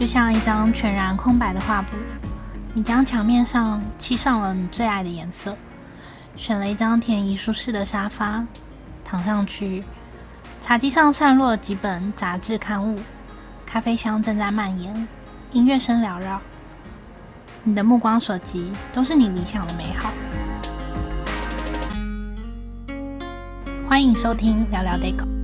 就像一張全然空白的畫布，你將牆面上漆上了你最愛的顏色，選了一張便宜舒適的沙發躺上去，茶幾上散落了幾本雜誌刊物，咖啡香正在蔓延，音樂聲繚繞，你的目光所及都是你理想的美好。歡迎收聽聊聊 Deco。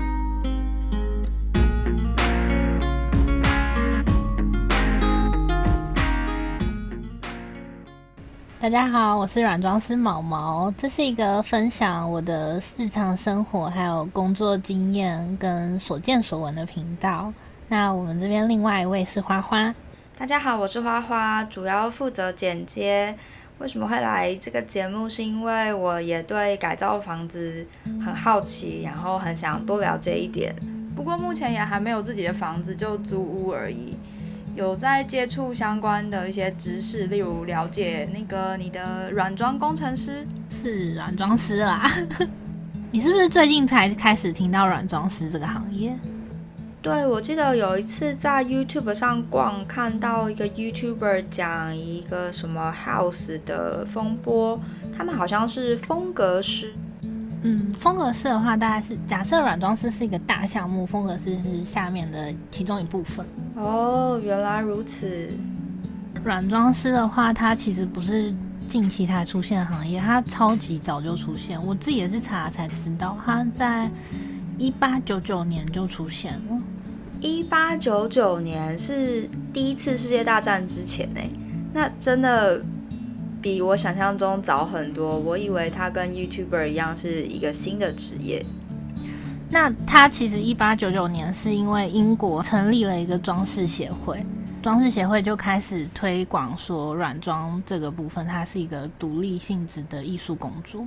大家好，我是軟裝師毛毛，這是一個分享我的日常生活、還有工作經驗跟所見所聞的頻道。那我們這邊另外一位是花花。大家好，我是花花，主要負責剪接。為什麼會來這個節目？是因為我也對改造房子很好奇，然後很想多了解一點。不過目前也還沒有自己的房子，就租屋而已。有在接觸相關的一些知識，例如了解那個你的軟裝工程師是軟裝師啦、啊。 你是不是最近才開始聽到軟裝師這個行業？對，我記得有一次在 YouTube 上逛，看到一個 YouTuber 講一個什麼 House 的風波，他們好像是風格師。嗯，風格師的話大概是假設軟裝師是一個大項目，風格師是下面的其中一部分。哦，原來如此。軟裝師的話，它其實不是近期才出現的行業，它超級早就出現。我自己也是查才知道，它在一八九九年就出現了。一八九九年是第一次世界大戰之前呢，欸，那真的。比我想象中早很多，我以為他跟 YouTuber 一樣是一個新的職業。那他其實一八九九年是因為英國成立了一個裝飾協會，裝飾協會就開始推廣說軟裝這個部分它是一個獨立性質的藝術工作。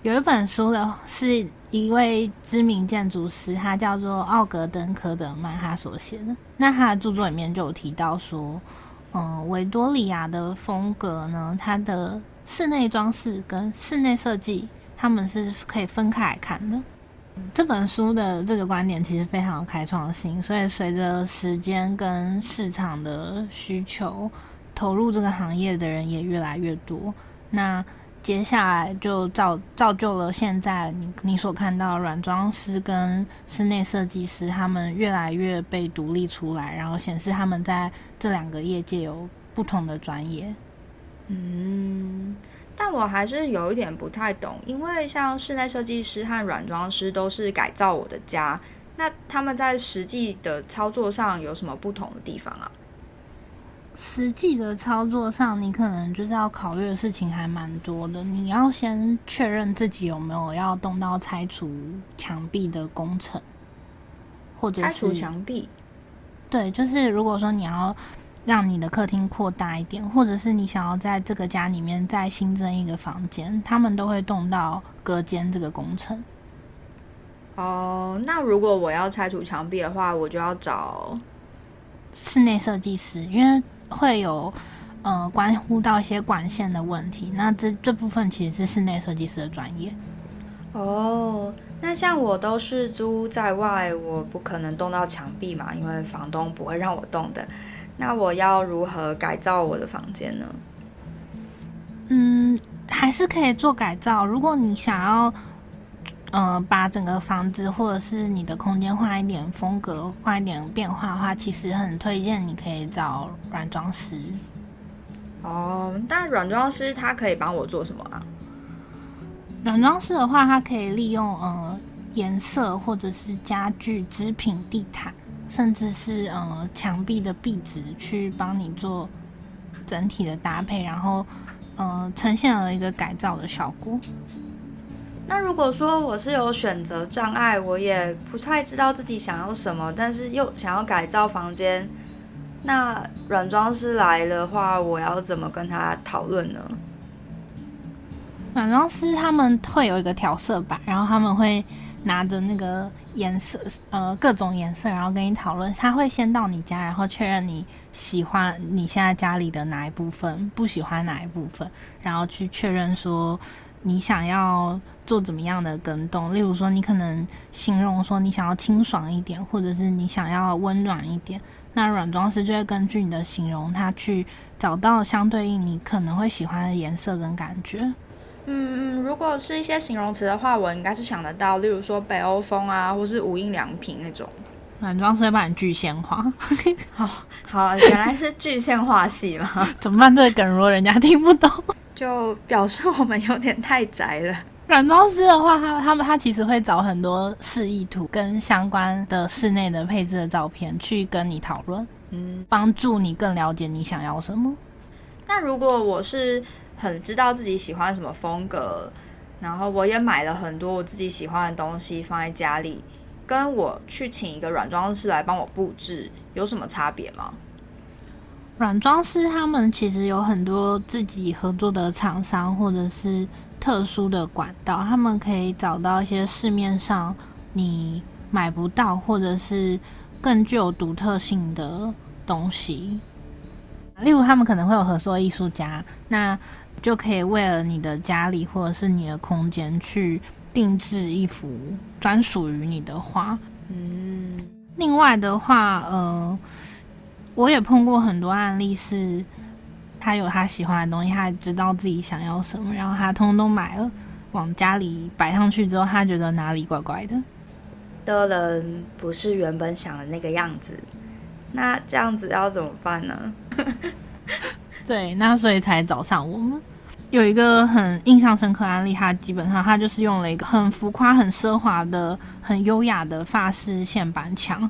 有一本書的是一位知名建築師，他叫做奧格登·科德曼，他所寫的，那他的著作裡面就有提到說。嗯，維多利亞的風格呢，它的室內裝飾跟室內設計，他們是可以分開來看的。嗯，這本書的這個觀點其實非常有開創性，所以隨着時間跟市場的需求，投入這個行業的人也越來越多。那接下來就造，造就了現在你、你所看到的軟裝師跟室內設計師，他們越來越被獨立出來，然後顯示他們在這兩個業界有不同的專業。嗯，但我還是有一點不太懂，因為像室內設計師和軟裝師都是改造我的家，那他們在實際的操作上有什麼不同的地方啊？實際的操作上，你可能就是要考慮的事情還蠻多的。你要先確認自己有沒有要動到拆除牆壁的工程，或者是拆除牆壁。對，就是如果說你要讓你的客廳擴大一點，或者是你想要在這個家裡面再新增一個房間，他們都會動到隔間這個工程。哦、呃，那如果我要拆除牆壁的話，我就要找室內設計師，因為。會有，呃，關乎到一些管線的問題。那這這部分其實是室內設計師的專業。哦，那像我都是租在外，我不可能動到牆壁嘛，因為房東不會讓我動的。那我要如何改造我的房間呢？嗯，還是可以做改造。如果你想要。嗯、呃，把整個房子或者是你的空間換一點風格，換一點變化的話，其實很推薦你可以找軟裝師。哦，但軟裝師他可以幫我做什麼啊？軟裝師的話，他可以利用呃顏色或者是家具、織品、地毯，甚至是呃牆壁的壁紙，去幫你做整體的搭配，然後嗯、呃、呈現了一個改造的效果。那如果說我是有選擇障礙，我也不太知道自己想要什麼，但是又想要改造房間，那軟裝師來的話，我要怎麼跟他討論呢？軟裝師他們會有一個調色板，然後他們會拿着那個顏色，呃，各種顏色，然後跟你討論。他會先到你家，然後確認你喜歡你現在家裡的哪一部分，不喜歡哪一部分，然後去確認說。你想要做怎麼樣的更動？例如說，你可能形容說你想要清爽一點，或者是你想要溫暖一點。那軟裝師就會根據你的形容，他去找到相對應你可能會喜歡的顏色跟感覺。嗯，如果是一些形容詞的話，我應該是想得到，例如說北歐風啊，或是無印良品那種。軟裝師會把你具現化。 好好，原來是具現化系嘛？ 怎麼辦？這個、梗若人家聽不懂。就表示我們有點太宅了。軟裝師的話，他他們他其實會找很多示意圖跟相關的室內的配置的照片去跟你討論，嗯，幫助你更了解你想要什麼。那如果我是很知道自己喜歡什麼風格，然後我也買了很多我自己喜歡的東西放在家裡，跟我去請一個軟裝師來幫我布置，有什麼差別嗎？軟裝師他們其實有很多自己合作的廠商，或者是特殊的管道，他們可以找到一些市面上你買不到，或者是更具有獨特性的東西。例如，他們可能會有合作藝術家，那就可以為了你的家裡或者是你的空間去定制一幅專屬於你的畫。嗯，另外的話，呃。我也碰過很多案例，是他有他喜歡的東西，他知道自己想要什麼，然後他通通都買了，往家裡擺上去之後，他覺得哪裡怪怪的，的人不是原本想的那個樣子。那這樣子要怎麼辦呢？ 對，那所以才找上我們。有一個很印象深刻案例，他基本上他就是用了一個很浮誇、很奢華的、很優雅的髮飾線板牆。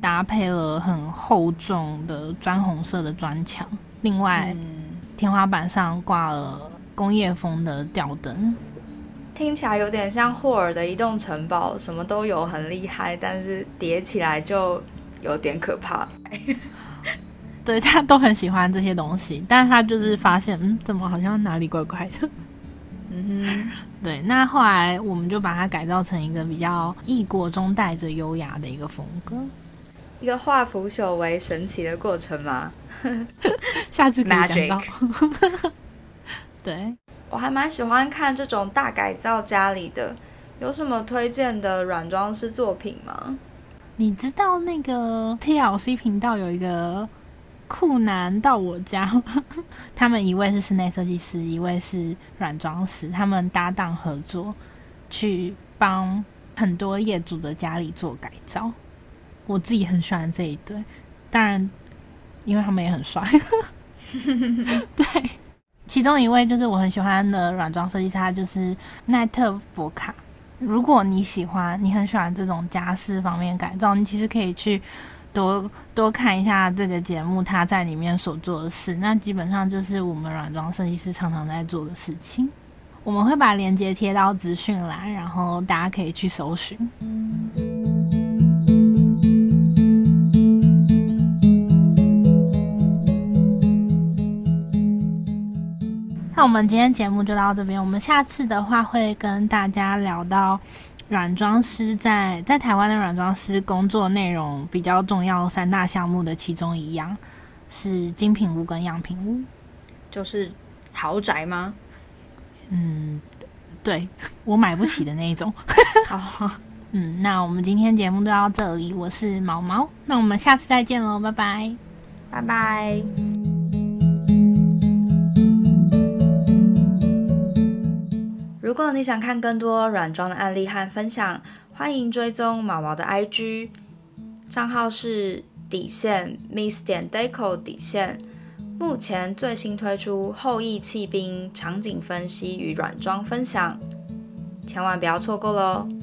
搭配了很厚重的磚紅色的磚牆，另外，嗯，天花板上掛了工業風的吊燈，聽起來有點像霍爾的移動城堡，什麼都有很厲害，但是疊起來就有點可怕。 對，他都很喜歡這些東西，但是他就是發現，嗯，怎麼好像哪裡怪怪的？ 嗯哼，對。那後來我們就把它改造成一個比較異國中帶着優雅的一個風格。一個化腐朽為神奇的過程嗎？下次可以講到。對，我還蠻喜歡看這種大改造家裡的，有什麼推薦的軟裝師作品嗎？你知道那個 TLC 頻道有一個酷男到我家， 他們一位是室內設計師，一位是軟裝師，他們搭檔合作去幫很多業主的家裡做改造。我自己很喜歡這一對，當然，因為他們也很帥。 對， 其中一位就是我很喜歡的軟裝設計師，他就是奈特博卡。如果你喜歡，你很喜歡這種家飾方面改造，你其實可以去多多看一下這個節目，他在裡面所做的事。那基本上就是我們軟裝設計師常常在做的事情。我們會把鏈接貼到資訊欄，然後大家可以去搜尋。嗯那我們今天節目就到這邊，我們下次的話會跟大家聊到軟裝師在在台灣的軟裝師工作內容，比較重要三大項目的其中一樣是精品屋跟樣品屋，就是豪宅嗎？嗯，對，我買不起的那一種。好， 嗯，那我們今天節目就到這裡，我是毛毛，那我們下次再見嘍，拜拜，拜拜。如果你想看更多軟裝的案例和分享，歡迎追蹤毛毛的 IG，賬號是底線 Miss 點 Deco 底線。目前最新推出後翼棄兵場景分析與軟裝分享，千萬不要錯過嘍！